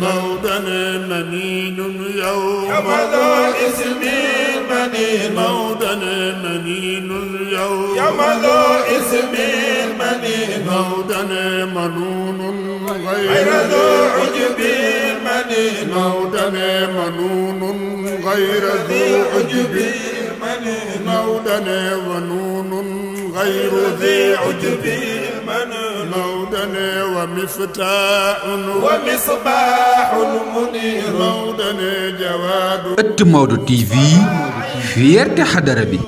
موضن منين يوم لا اسمي منين موضن منين يوم لا اسمي منين موضن منون غير ذو عجب منين موضن منون غير ذو عجب منين موضن ونون غير ذي عجب مودني ومفتاح ومصباح منير مودني جواد ات مودو تي في فيرت حدربي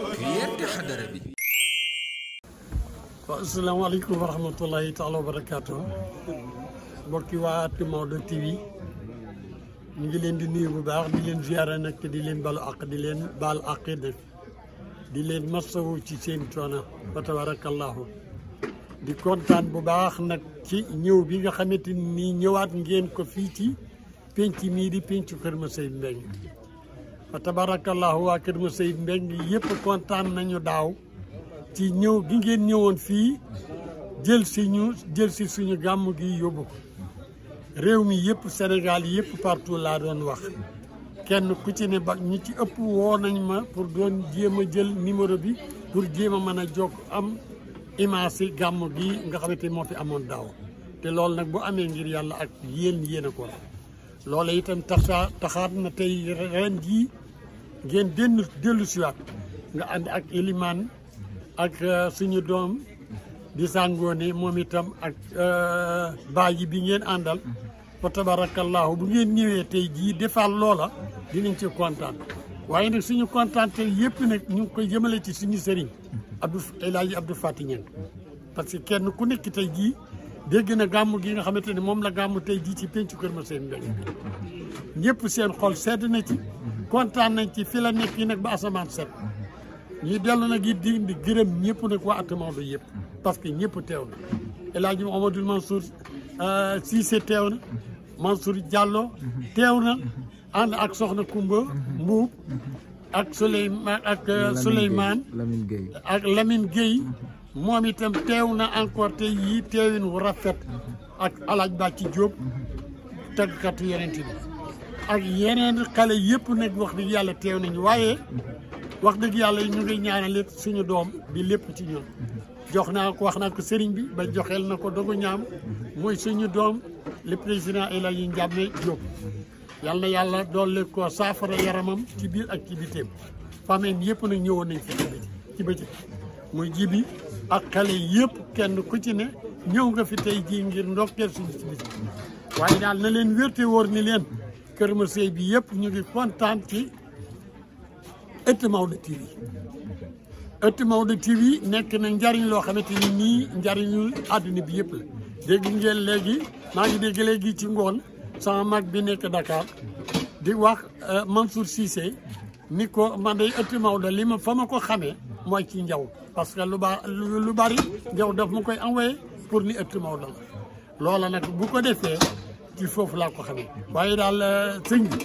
السلام عليكم ورحمة الله تعالى وبركاته mbokki waa Ati Maodo TV ñu ngi leen di nuyu bu baax di leen ziyaara nag di leen balu àq di leen baal àq nag di leen masawu ci seen coono fa tabarakallahu di kontaan bu baax nag ci ñëw bi nga xamante ni ñëwaat ngeen ko fii ci penc mii di pencu Kër Maseyid Mbeng fa tabarakallahu waa Kër Maseyid Mbeng yëpp kontaan nañu daaw ci ñëw gi ngeen ñëwoon fii jël si ñu jël si suñu gàmm gi yóbbu ko réew mi yëpp senegal yëpp partout laa doon wax kenn ku ci ne ba ñu ci ëpp woo nañ ma pour doon jéem a jël numéro bi pour jéem a mën a jokk am image si gàmm gi nga xamante moo fi amoon daaw te loolu nag boo amee ngir yàlla ak yéen yéen a ko loola itam taxa taxaat na tey ren jii ngeen dellu dellu nga ànd ak Eliman ak euh, suñu doom di sàngoone moom itam ak euh, baaji bi ngeen àndal fa tabarakallahu bu ngeen ñëwee tey jii defaat loola dinañ ci kontaan waaye nag suñu kontaan tey yëpp nag ñu ngi koy jëmale ci suñu sëriñ Abdou El Hadj Abdou Faty parce que kenn ku nekk tey jii dégg na gàmmu gi nga xamante ni moom la gàmm tey jii ci pencu Kër Masar Ndiaye ñëpp seen xol sedd na ci kontaan nañ ci fi la nekk nag ba asamaan set ñuy dellu nag it di di gërëm ñëpp nag waa attaman bi yëpp parce que ñëpp teew na El Hadj Amadou Mansour euh, Cissé teew na Mansour Diallo teew na ànd ak soxna Kumba Mbuub ak Souleymane ak euh, Souleymane Lamine ak Lamine Gueye moom itam teew na encore te yii teewin wu rafet ak alaaj Bàcci Diop tàggkatu yeneen bi ak yeneen xale yëpp nekk wax dëgg yàlla teew nañu waaye wax dëgg yàlla ñu ngi ñaanal suñu doom bi lépp ci ñoom jox naa ko wax naa ko sëriñ bi ba joxeel na ko dogu ñaam mooy suñu doom le président El Hadji Ndiamé Diop yàlla na yàlla doole ko saafara yaramam ci biir ak ci bitim famille yëpp nag ñëwoon nañ fi ci bëccëg muy jibi ak xale yëpp kenn ku ci ne ñëw nga fi tey jii ngir ndokkeel suñu ci bis waaye daal na leen wérte wóor ni leen Kër Masey bi yëpp ñu ngi kontaan ci ëtt Maodo TV ëtt Maodo TV nekk na njariñ loo xamante ni nii njariñul àdduna bi yëpp la dégg ngeen léegi maa ngi dégg léegi ci ngoon sama mag bi nekk Dakar di wax euh, Mansour Cissé ni ko man day ëtti Maodo li ma fa ma ko xamee mooy ci njaw parce que lu ba lu bari njaw daf ma koy envoyé pour ni ëtti Maodo la loola nag bu ko defee ci foofu laa ko xamee waaye daal euh, sëñ bi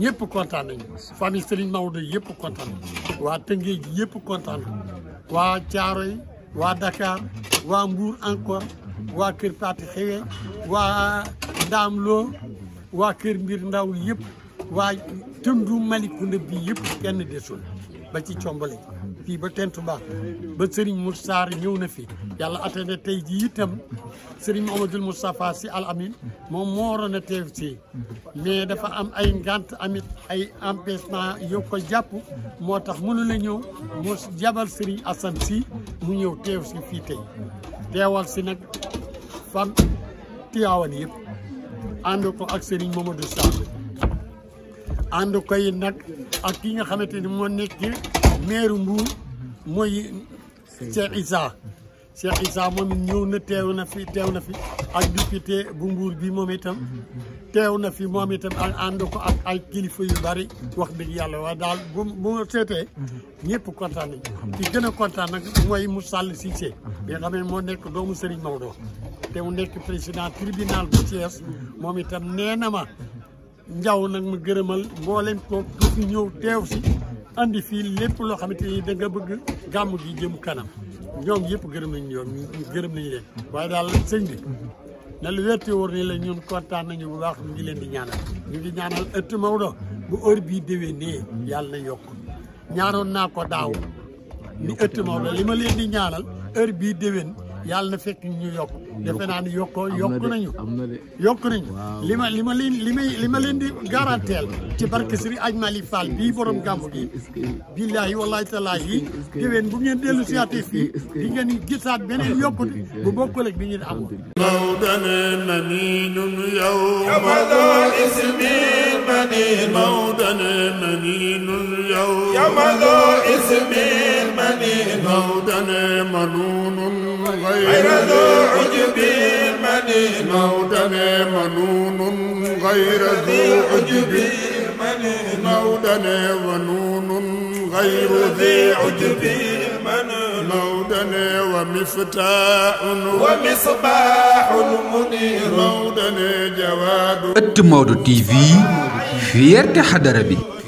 ñëpp kontaan nañu famille Serigne Maodo yëpp kontaan waa Tëngéej ji yëpp waa Thiaroy waa Dakar waa Mbour encore waa Kër Paati Xewe waa Ndaam Lo waa Kër Mbir Ndaw yëpp waa tëndu Malicounda bi yëpp kenn desul ba ci combale fii ba tentu baax ba ñëw na fi yàlla atene tey ji itam Serigne Amadou Moustapha Sy Al Amin moom moo waroon a teew si mais dafa am ay ngànt amit ay empêchement yu ko jàpp moo tax mënu la ñëw mu jabal sëriñ Assane si mu ñëw teew si fii tey teewal si nag fan Tiwaawan yëpp ànd ko ak Serigne Momadou Sall ànd ko yi nag ak ki nga xamante ni moo nekk maire Mbour mooy Cheikh Issa Cheikh moom it ñëw na teew na fi teew na fi ak député bu Mbour bi moom itam teew na fi moom itam ak ànd ko ak ay kilifa yu bari wax dëgg yàlla waaye daal bu bu seetee ñëpp kontaan nañ gën a kontaan nag mooy mu sàll Cissé bi nga moo nekk doomu Serigne Maodo te mu nekk président tribunal bu Thiès moom itam nee na ma njaw nag ma gërëmal mboolem ko fi ñëw teew si andi fii lépp loo xamante ni danga bëgg gàmm gi jëm kanam ñoom yëpp gërëm nañ ñoom ñu gërëm nañ leen waaye daal sëñ bi na lu wérte wóor ni la ñun kontaan nañu bu ñu ngi leen di ñaanal ñu ngi ñaanal ëtt Maodo bu heure bii déwénee yàlla na yokk ñaanoon naa ko daaw ni ëtt Maodo li ma leen di ñaanal heure bii déwén yàlla na fekk ñu yokk defe naa ni yokkoo yokk nañu yokk nañu li ma li ma li li ma leen di garanteel ci barke Sëriñ Aj Mali Fall bii borom gàmmu gi billaahi wallaahi taalaa yi déwén bu ngeen dellu siyaate fii di ngeen gisaat beneen yokkute bu bokkul ak bi ngeen amoon law danee maninun yow yamaloo ismi manin law danee maninun yow yamaloo ismi manin law غير ذو عجب منين موتنا منون غير ذو عجب منين موتنا ونون غير ذو عجب منين موتنا ومفتاح ومصباح منير موتنا جواد التمود تي في فيرت حدربي